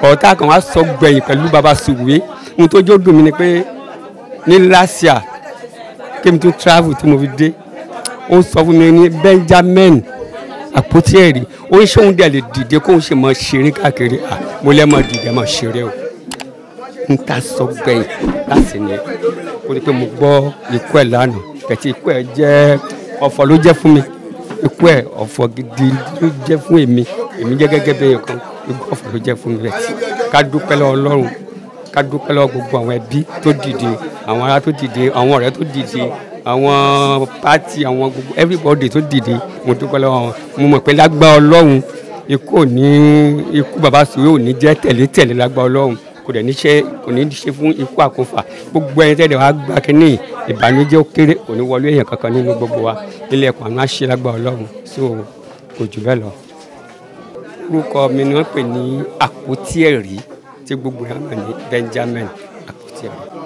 ọ̀tá kan wá sọ gbẹ̀yìn pẹ̀lú baba sùwé ohun tó jó dùn mí ni pé ní lásìá kémi tó travel tí mo fi dé ó sọ fún mi ní Benjamin àpótí ẹ̀rí ó ń ṣe òun dẹ̀ lè dìde kó ń ṣe mọ ṣeré káàkiri à mo lẹ́ mọ dìde mọ ṣeré o n ta sọ gbẹ̀yìn láti ní o ní pé mo gbọ́ ikú ẹ̀ lánàá kẹ̀tì ikú ẹ̀ jẹ́ ọ̀fọ̀ ló jẹ́ fún mi ikú ẹ̀ ọ̀fọ̀ gidi ló jẹ́ fún èmi èmi jẹ́ gẹ́gẹ́ bẹ́ẹ̀ kan ikú ọ̀fọ̀ ló jẹ́ fún mi rẹ̀ ká dúpẹ́ lọ́wọ́ Ọlọ́run ká dúpẹ́ lọ́wọ́ gbogbo àwọn ẹbí tó dìde àwọn ará tó dìde àwọn ọ̀rẹ́ tó dìde àwọn pátì àwọn gbogbo everybody tó dìde mo dúpẹ́ lọ́wọ́ wọn mo mọ̀ pé lágbá Ọlọ́run ikú ò ní ikú bàbá sùúrù ò ní jẹ́ tẹ̀lé-tẹ̀lé lágbá Ọlọ́run kò dẹ̀ ní ṣe kò ní ṣe fún ikú àkófà gbogbo ẹni tẹ́lẹ̀ wàá gbà kínní ìbànújẹ́ ó kéré kò ní wọlé èèyàn kankan nínú gbogbo wa ilẹ̀kùn àánú àṣẹ lágbà ọlọ́run so kò jù bẹ́ẹ̀ lọ. orúkọ mi ni wọ́n pè ní àpótí ẹ̀rí tí gbogbo yàrá ní Benjamin àpótí ẹ̀rí.